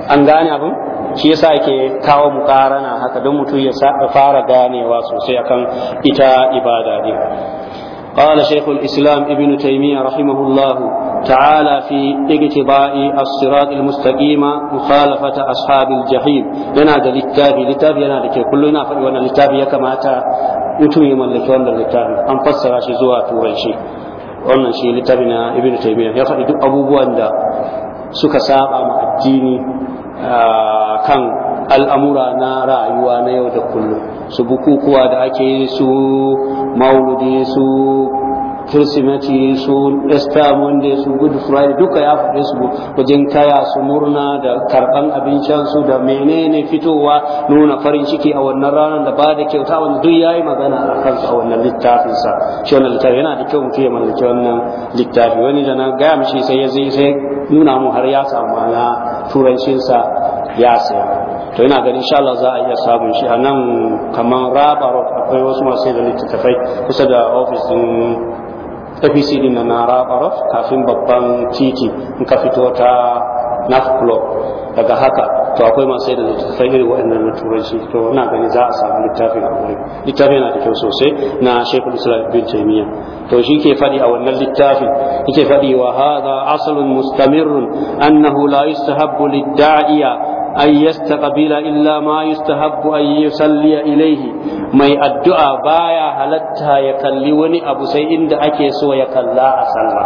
an gane abin shi yasa yake kawo muƙarana haka don mutum ya fara ganewa sosai akan ita ibada din قال شيخ الإسلام ابن تيمية رحمه الله تعالى في اقتضاء الصراط المستقيم مخالفة أصحاب الجحيم ينادى للتاب للتاب ينادى كلنا فإن للتاب يكما تا متوي من لكوان للتاب أنفسر شي زوا توريشي wannan shi littafi na ibn taymiya ya faɗi duk abubuwan da suka saba ma addini Akan al'amura na rayuwa na yau da kullum su bukukuwa da ake yi su mauludi su kirsimeti su easter su good friday duka ya fi su wajen kaya su murna da karban abincinsu da menene fitowa nuna farin ciki a wannan ranar da ba da kyauta wanda duk yayi magana a kansu a wannan littafinsa shi wannan littafi yana da kyau mutu ya mallaki wannan littafi wani da na gaya mishi sai ya zai sai nuna mu har ya samu na turancinsa ya saya to ina ganin insha Allah za a iya samun shi a nan kamar raba akwai wasu masu da littattafai kusa da ofis din APC din na raba kafin babban titi in ka fito ta NAF Club daga haka to akwai masu da littattafai irin waɗannan na turanci to ina gani za a samu littafin a wurin littafin yana da kyau sosai na shekul Islam bin Taymiyyah to shi ke faɗi a wannan littafin yake faɗi wa hadha asalun mustamirrun annahu la yustahabbu lid-da'iya أن kabila إلا ما يستحب أن يصلي إليه mai addu'a baya halatta ya kalli wani abu sai inda ake so ya kalla a sallah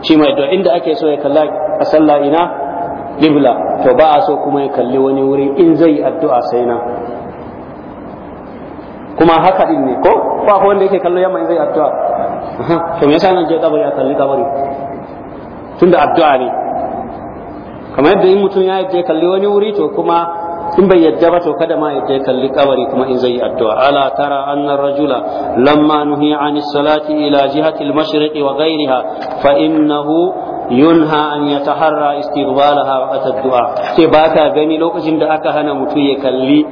shi mai addu'a inda ake so ya kalla a sallah ina libla to ba a so kuma ya kalli wani wuri in zai addu'a sai nan kuma haka din ne ko ba wanda yake kallo yamma in zai addu'a to me yasa nan je kabari a kalli kabari tunda addu'a ne kamar yadda in mutum ya yadda ya kalli wani wuri to kuma in bai yadda ba to kada ma yadda ya kalli kabari kuma in zai addu'a ala tara anna rajula lamma nuhi an salati ila jihati al-mashriq wa ghayriha fa innahu yunha an yataharra istiqbalaha wa ad-du'a sai ba ka gani lokacin da aka hana mutum ya kalli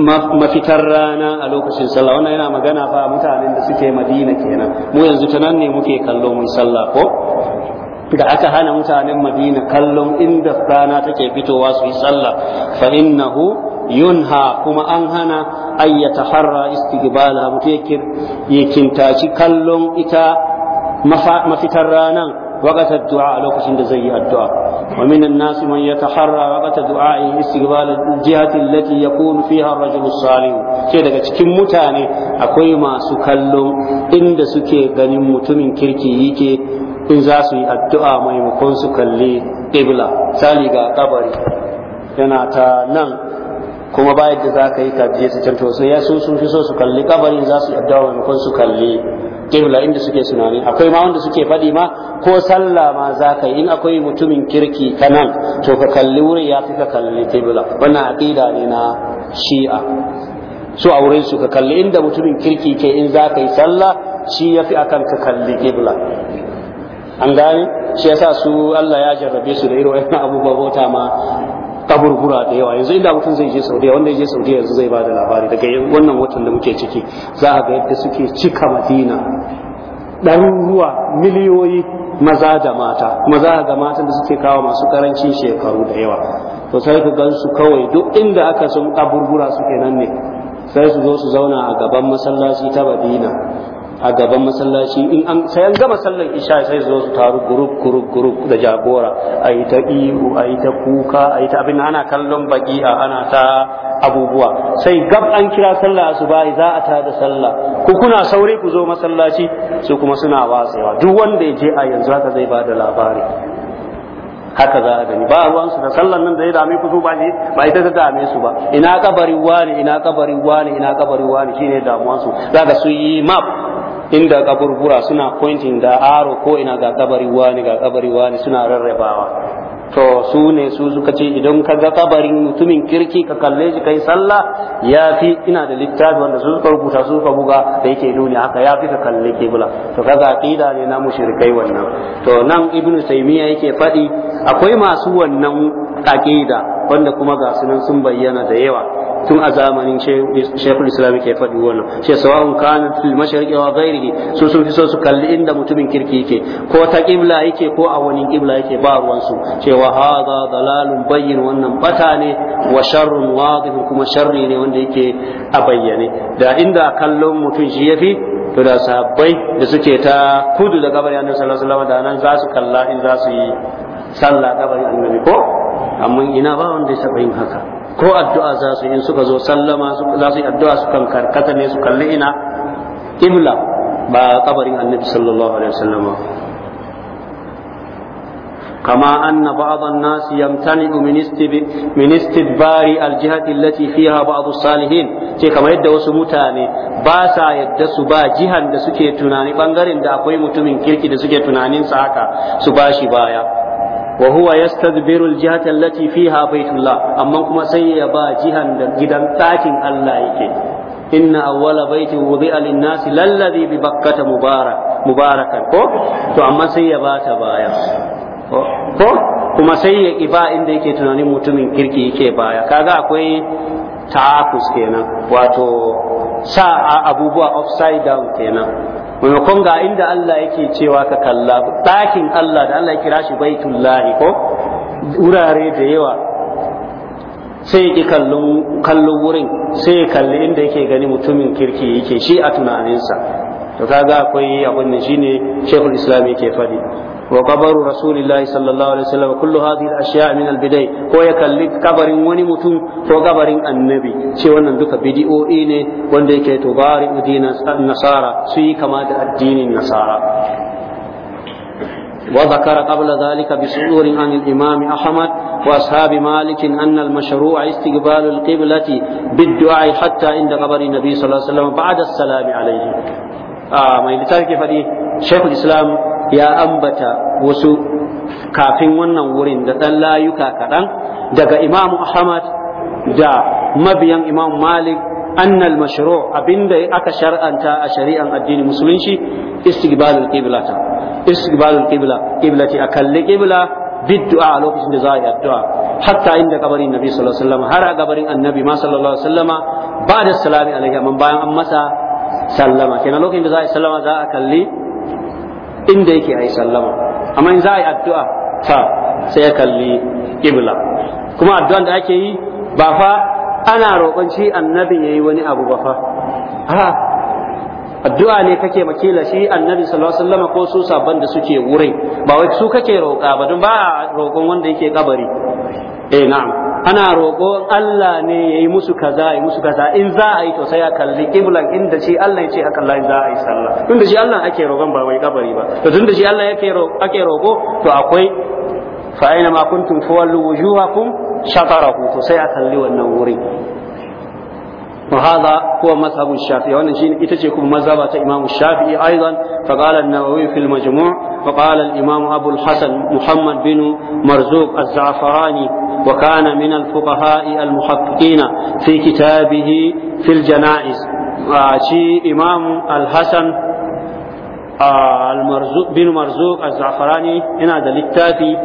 mafitar rana a lokacin sallah wannan yana magana fa mutanen da suke madina kenan mu yanzu ta nan ne muke kallo mun sallah ko da aka hana mutanen madina kallon inda rana take fitowa su yi sallah fa innahu yunha kuma an hana ayyata harra taharra istigbala mutum kallon ita mafitar ranan وقت الدعاء لو كنت زي الدعاء ومن الناس من يتحرى وقت دعائه استقبال الجهة التي يكون فيها الرجل الصالح daga cikin mutane akwai masu kallon inda suke ganin mutumin kirki yake in za su yi addu'a maimakon su kalli ƙibla sali ga kabari yana ta nan kuma bayan da za ka yi ka je su can to sai su sun fi so su kalli kabari za su yi addu'a maimakon su kalli ƙibla inda suke sunani, akwai ma wanda suke faɗi ma ko sallah ma za ka yi in akwai mutumin kirki ta nan to ka kalli wurin ya fi ka kalli ƙibla wannan aƙida ne na shi'a su a wurin su ka kalli inda mutumin kirki ke in za ka yi sallah shi ya fi akan ka kalli ƙibla an gane shi yasa su Allah ya jarrabe su da irin wannan abubuwa bauta ma kaburbura da yawa yanzu inda mutum zai je saudiya wanda ya je saudiya yanzu zai bada labari daga wannan watan da muke ciki za a ga yadda suke cika madina ɗaruruwa miliyoyi maza da mata kuma za a ga matan da suke kawo masu karancin shekaru da yawa to sai ka su kawai duk inda aka sun kaburbura suke nan ne sai su zo su zauna a gaban masallaci ta madina a gaban masallaci in an sai an gama sallar isha sai zo su taru gurub gurub gurub da jagora a yi ta ihu a yi ta kuka a yi ta abin ana kallon baki a ana ta abubuwa sai gab an kira sallah asuba za a ta da sallah ku kuna saure ku zo masallaci su kuma suna watsewa duk wanda ya je a yanzu haka zai ba da labari haka za a gani ba ruwan su da sallan nan da ya dame ku su ba ne ba ita ta dame su ba ina kabari wani ina kabari wani ina kabari wani shine damuwan su. zaka su yi map inda kaburbura suna pointing da aro ko ina ga kabari wani ga kabari wani suna rarrabawa to su ne su suka ce idan ka ga kabarin mutumin kirki ka kalle shi kai sallah ya fi ina da littafi wanda su suka rubuta su suka buga da yake nuni haka ya fi ka kalle bula. to kaga aqida ne na mushrikai wannan to nan ibnu taymiya yake faɗi akwai masu wannan aqida wanda kuma ga sunan sun bayyana da yawa tun a zamanin shekul islam ke faɗi wannan shi sawa'un kana fil mashriqi wa ghairihi su sun fi so su kalli inda mutumin kirki yake ko ta kibla yake ko a wani kibla yake ba ruwan su cewa hadha dalalun bayyin wannan bata ne wa sharrun wadih kuma sharri ne wanda yake a bayyane da inda kallon mutum shi yafi to da sahabbai da suke ta kudu da gabar yanar sallallahu alaihi wasallam da nan za su kalla in za su yi sallah gabar annabi ko amma ina ba wanda ya saba yin haka ko addu'a za su in suka zo sallama za su yi addu'a su karkata ne su kalli ina kibla ba kabarin annabi sallallahu alaihi wasallam kama anna ba'd an-nas yamtani'u min istib min istibari salihin ce kama yadda wasu mutane ba sa yadda su ba jihan da suke tunani bangaren da akwai mutumin kirki da suke tunanin sa haka su ba shi baya wa huwa yastadbiru al-jihata allati fiha baitullah amma kuma sai ya ba jihan da gidan takin Allah yake inna awwala baitin wudi'a lin-nasi lalladhi bi bakkata mubarak mubarakan ko to amma sai ya bata baya ko kuma sai ya iba inda yake tunanin mutumin kirki yake baya kaga akwai ta'akus kenan wato sa abubuwa upside down kenan maimakon ga inda Allah yake cewa ka kalla ɗakin Allah da Allah ya kira shi lahi ko wurare da yawa sai ki kallon wurin sai ya kalli inda yake gani mutumin kirki yake shi a tunaninsa to kaga akwai abin shine shekul Islam yake faɗi وقبر رسول الله صلى الله عليه وسلم كل هذه الأشياء من البداية هو يكلي قبر وني متون هو قبر النبي شيء وانا دوكا بديو إيني وانا كي تبارئ دين النصارى سي كما الدين النصارى وذكر قبل ذلك بصدور عن الإمام أحمد وأصحاب مالك أن المشروع استقبال القبلة بالدعاء حتى عند قبر النبي صلى الله عليه وسلم بعد السلام عليه آه ما يلتاكي فدي شيخ الإسلام ya ambata wasu kafin wannan wurin da ɗan layuka kaɗan daga imamu ahmad da mabiyan imam malik annal mashru abinda aka shar'anta a shari'an addini musulunci istiqbalul qiblata istiqbalul qibla qiblati akalli qibla bid'a a lokacin da za a yi addu'a hatta inda kabarin nabi sallallahu alaihi wasallam har a kabarin annabi ma sallallahu alaihi wasallam ba da salami alaihi amma bayan an masa sallama kenan lokacin da za a yi sallama za a kalli inda yake yi sallama amma in za a yi addu'a ta sai ya kalli ƙibla kuma addu'an da ake yi ba fa ana roƙon shi annabin yayi wani abu ba fa ha addu'a ne kake makila shi annabi sallallahu alaihi wasallam ko su sabban da suke wurin ba wai su kake roƙa ba don ba roƙon wanda yake kabari eh na'am ana roƙo Allah ne ya yi musu kaza ya yi musu kaza in za a yi to sai a kalli kiblan inda shi Allah ya ce haka Allah za a yi sallah tun da shi Allah ake roƙon ba wai kabari ba to tun da shi Allah ake roƙo to akwai fa aina ma kuntum fawallu wujuhakum shatarahu to sai a kalli wannan wuri وهذا هو مذهب الشافعي وانا ita ce kuma mazhaba ta Imam Shafi'i ايضا فقال النووي في المجموع فقال الإمام أبو الحسن محمد بن مرزوق الزعفراني وكان من الفقهاء المحققين في كتابه في الجنائز شي إمام الحسن المرزوق بن مرزوق الزعفراني هنا ده للتافي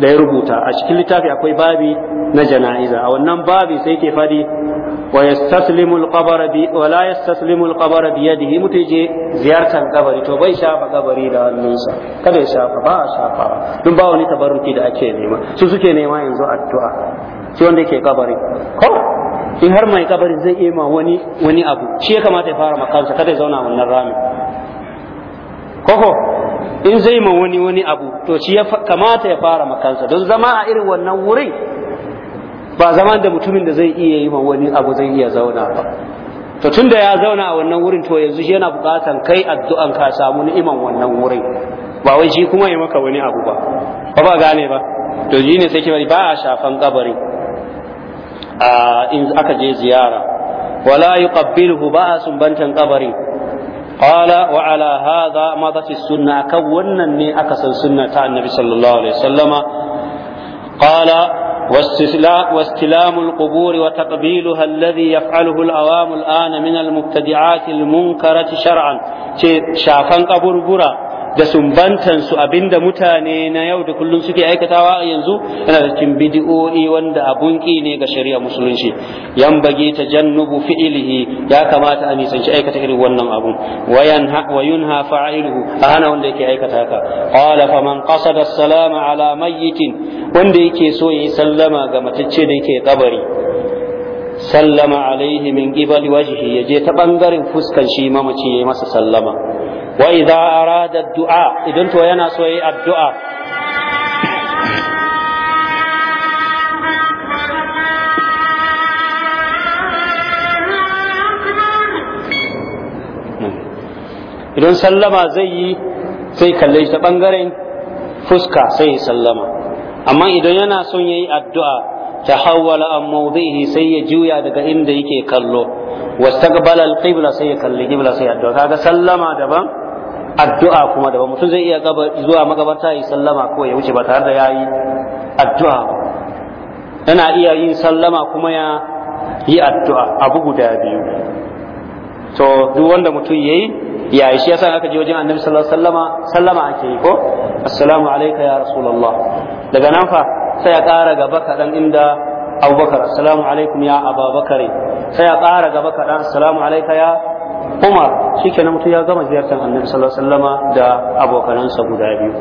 da ya rubuta a cikin littafi akwai babi na jana'iza a wannan babi sai ke fadi wa yastaslimu al bi wa la yastaslimu bi yadihi ziyartar kabari to bai shafa kabari da hannunsa kada ya shafa ba a shafa dun ba wani tabarruki da ake nema su suke nema yanzu addu'a shi wanda yake kabari ko in har mai kabari zai iya ma wani wani abu shi ya kamata ya fara makansa kada ya zauna wannan ramin koko in zai ma wani wani abu to shi ya kamata ya fara makansa don zama a irin wannan wurin ba zaman da mutumin da zai iya yi ma wani abu zai iya zauna ba to tun da ya zauna a wannan wurin to yanzu yana bukatan kai addu'an ka samu ni'iman wannan wurin ba wai shi kuma ya maka wani abu ba ba ba gane ba to shi ne sai kibari ba a shafan kabari a in aka je ziyara wala yuqabbiluhu ba bantan kabari قال وعلى هذا مضت السنة كونني أكثر سنة النبي صلى الله عليه وسلم قال واستلام القبور وتقبيلها الذي يفعله الأوام الآن من المبتدعات المنكرة شرعا شافن قبر برا da sumbantansu abinda mutane na yau da kullun suke aikatawa a yanzu yana da cikin bidi'o'i wanda abun ki ne ga shari'a musulunci yan bagi ta jannubu fi'ilihi ya kamata a nisanci aikata irin wannan abun Wayan ha wa yunha fa'iluhu a wanda yake aikata ka qala man qasada salama ala mayyitin wanda yake so yi sallama ga matacce da yake kabari sallama alaihi min qibali wajhi yaje ta bangaren fuskan shi mamaci yayi masa sallama wa idza arada du'a idan to yana so yi addu'a idan sallama zai yi sai kalle shi ta bangaren fuska sai sallama amma idan yana son yayi addu'a ta hawwala an mawdihi sai ya juya daga inda yake kallo wastaqbala al-qibla sai ya kalli qibla sai addu'a kaga sallama daban addu'a kuma daban mutum zai iya zuwa magabata yi sallama ko ya wuce ba tare da yayi addu'a yana iya yin sallama kuma ya yi addu'a abu guda biyu to duk wanda mutum yayi ya yi shi yasa aka je wajen annabi sallallahu alaihi wasallama sallama ake yi ko assalamu alayka ya rasulullah daga nan fa sai ya ƙara gaba kaɗan inda abubakar assalamu alaikum ya ababakare sai ya ƙara gaba kaɗan assalamu alayka ya Umar na mutu ya gama ziyartar Annabi sallallahu sallama da abokanansa guda biyu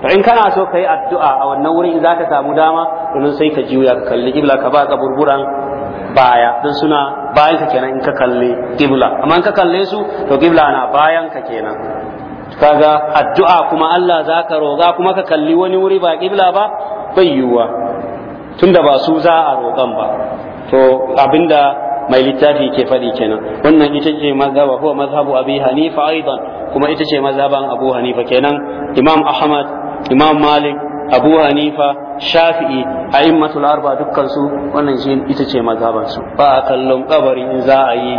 to in kana so ka yi addu'a a wannan wurin za ka samu dama domin sai ka juya ka kalli ibla ka ba kaburburan baya don suna bayan ka kenan in ka kalli kibla amma in ka kalle su to kibla na bayan ka kenan kaga addu'a kuma Allah za ka roga kuma ka kalli wani wuri ba kibla ba bai yiwuwa tunda ba su za a roƙan ba to abinda mai littafi ke faɗi kenan wannan ita ce mazhabu huwa mazhabu abi hanifa aidan kuma ita ce mazhaban abu hanifa kenan imam ahmad imam malik abu hanifa shafi'i a'immatul arba dukkan su wannan shi ita ce mazhaban su ba a kallon kabari in za a yi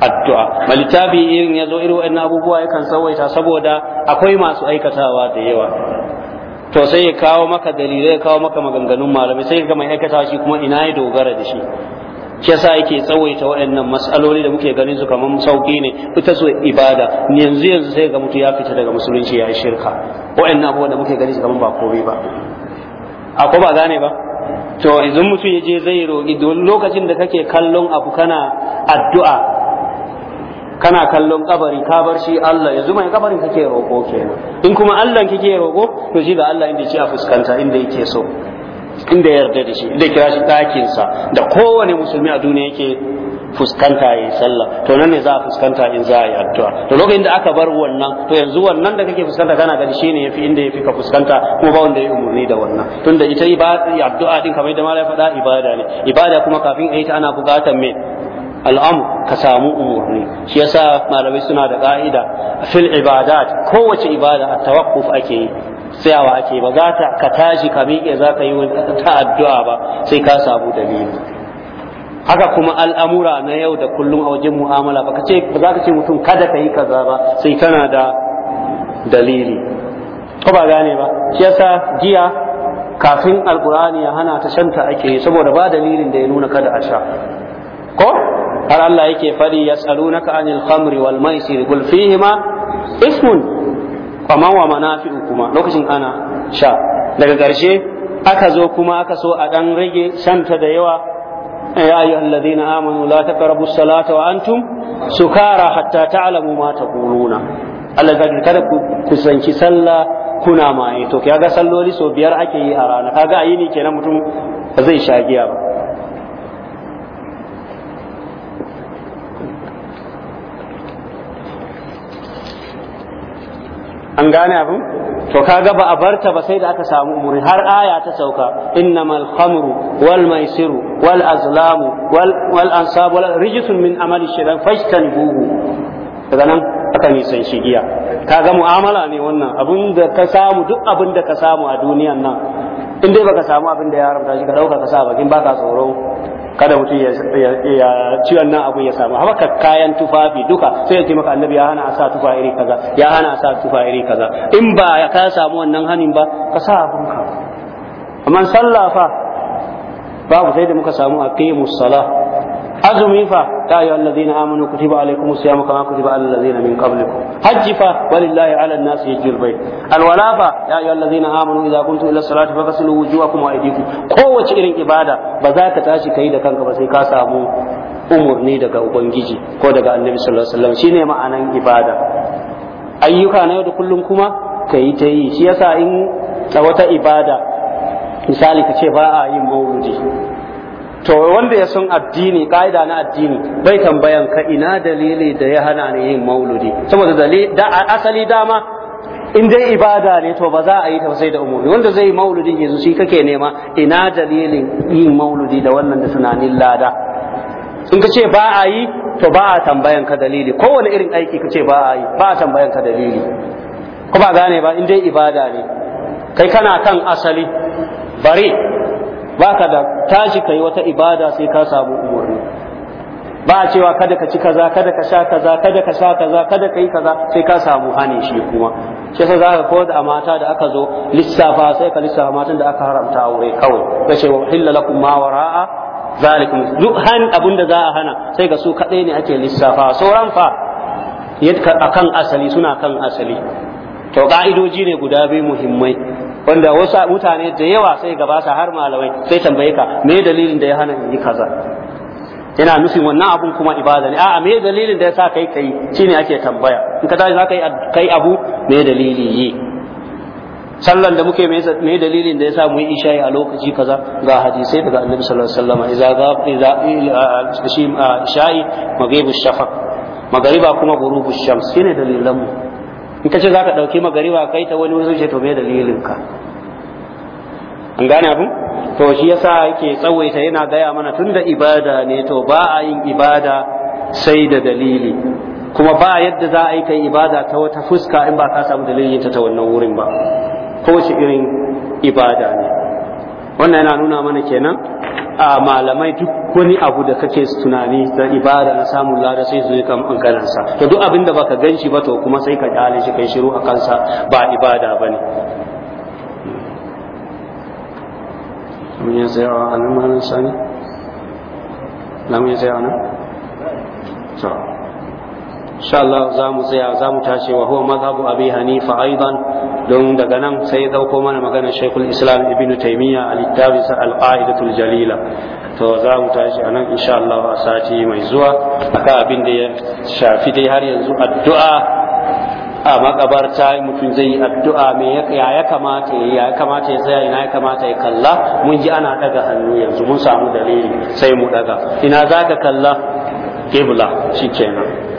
addu'a mai littafi irin ya zo irin abubuwa yakan tsawaita saboda akwai masu aikatawa da yawa to sai ya kawo maka dalilai ya kawo maka maganganun malamai sai ga mai aikatawa shi kuma ina ya dogara da shi shi yasa yake tsawaita waɗannan mas'aloli da muke ganin su kamar sauki ne ita su ibada yanzu yanzu sai ga mutu ya fita daga musulunci ya yi shirka waɗannan abubuwan da muke ganin su kamar ba komai ba akwai ba gane ba to idan mutum ya je zai roƙi don lokacin da kake kallon abu kana addu'a kana kallon kabari ka bar shi Allah yanzu mai kabarin kake roƙo kenan in kuma Allah kike roƙo to shi ga Allah inda ya a fuskanta inda yake so inda ya yarda da shi inda kira shi ɗakinsa da kowane musulmi a duniya yake fuskanta yayi sallah to nan ne za a fuskanta in za a yi addu'a to lokacin da aka bar wannan to yanzu wannan da kake fuskanta kana gani shine yafi inda yafi ka fuskanta kuma ba wanda ya umurni da wannan tunda ita addu'a din kamar da malai faɗa ibada ne ibada kuma kafin a yi ta ana buƙatar me al'amu ka samu umurni shi yasa malamai suna da ka'ida fil ibadat kowace ibada at-tawaqquf ake yi tsayawa ake ba za ta ka tashi ka miƙe za ka yi ta addu'a ba sai ka samu dalili haka kuma al'amura na yau da kullum a wajen mu'amala ba ce ba za ka ce mutum kada ka yi kaza ba sai tana da dalili ko ba gane ba shi yasa giya kafin alkur'ani ya hana ta shanta ake yi saboda ba dalilin da ya nuna kada a sha ko har Allah yake fari yas'alunaka anil khamri wal maisir qul fihima ismun amma wa manafi'u kuma lokacin ana sha daga ƙarshe aka zo kuma aka so a ɗan rage shanta da yawa ya ayu alladhina amanu la taqrabu salata wa antum sukara hatta ta ma taquluna Allah zaki kada ku kusanci sallah kuna maye to kaga salloli so biyar ake yi a rana kaga ayi ne kenan mutum ba zai sha giya ba an gane abin to kaga ba a barta ba sai da aka samu umuri har aya ta sauka innamal khamru wal maisiru wal azlamu wal wal ansab wal rijsun min amali shaytan fajtanibuhu daga nan aka nisan shi giya kaga mu'amala ne wannan abin da ka samu duk abin da ka samu a duniyan nan in dai baka samu abin da ya haramta shi ka dauka ka sa bakin baka tsoro kada mutum ya ci wannan abu ya samu haka kayan tufafi duka sai ya ce maka annabi ya hana a sa tufa iri kaza ya hana a sa tufa iri kaza in ba ka samu wannan hanin ba ka sa ka amma sallah fa babu sai da muka samu a aqimus salah azumi fa ya ayyuhal ladina amanu kutiba alaykum siyamu kama kutiba alal ladina min qablikum hajji fa walillahi ala an-nas hajjul bayt alwala fa ya ayyuhal ladina amanu idha kuntum ila salati faghsilu wujuhakum wa aydikum kowace irin ibada ba za ka tashi kai da kanka ba sai ka samu umurni daga ubangiji ko daga annabi sallallahu alaihi wasallam shine ma'anan ibada ayyuka na yau da kullum kuma ka yi ta yi shi yasa in wata ibada misali ka ce ba a yin mawludi to wanda ya san addini ka'ida na addini bai tambayan ka ina dalili da ya hana ni yin mauludi saboda da asali dama in dai ibada ne to ba za a yi ta sai da umuri wanda zai yi mauludi yanzu shi kake nema ina dalilin yin mauludi da wannan da sunanin lada in ka ce ba a yi to ba a tambayan ka dalili kowane irin aiki ka ce ba a yi ba a tambayan ka dalili ko ba gane ba in dai ibada ne kai kana kan asali bari ba da tashi ka yi wata ibada sai ka samu umarni ba a cewa kada ka ci kaza kada ka sha kaza kada ka sha kaza kada ka yi kaza sai ka samu hane shi kuma shi yasa zaka ko da mata da aka zo lissafa sai ka lissafa matan da aka haramta aure kawai ka ce wa hilla lakum ma wara'a zalikum duk han abunda da za a hana sai ga su kadai ne ake lissafa sauran fa yadda akan asali suna kan asali to ka'idoji ne guda biyu muhimmai wanda wasu mutane da yawa sai gabata har malamai sai tambaye ka me dalilin da ya hana yi kaza yana nufin wannan abun kuma ibada ne a'a me dalilin da ya sa kai kai shine ake tambaya in ka tashi za kai abu me dalili yi sallan da muke me dalilin da ya sa mu yi isha'i a lokaci kaza ga hadisai daga annabi sallallahu alaihi wasallam idza ga idza shi isha'i magribu shafaq magariba kuma ghurubu shams shine dalilan mu in ka ce za ka ɗauki magari ba kai ta wani wasu ce to me dalilin ka an gane abin to shi yasa yake tsawaita yana gaya mana tun da ibada ne to ba a yin ibada sai da dalili kuma ba yadda za a yi kai ibada ta wata fuska in ba ka samu dalilin ta ta wannan wurin ba kowace irin ibada ne wannan yana nuna mana kenan a malamai duk wani abu da kake tunani da ibada na samun lada sai su kan sa to duk abin da baka shi ba to kuma sai ka kyale shi kai shiru a kansa ba ibada ba ne. a insha Allah za mu tsaya za mu tashi wa huwa madhhabu abi hanifa aidan don daga nan sai ya dauko mana maganar shaykhul islam ibn taymiya al-ittabi al jalila to za mu tashi a nan insha Allah a sati mai zuwa akan abin da ya shafi dai har yanzu addu'a a makabarta mutum zai yi addu'a me ya ya kamata ya kamata ya tsaya ina ya kamata ya kalla mun ji ana daga hannu yanzu mun samu dalili sai mu daga ina za ka kalla kibla shikenan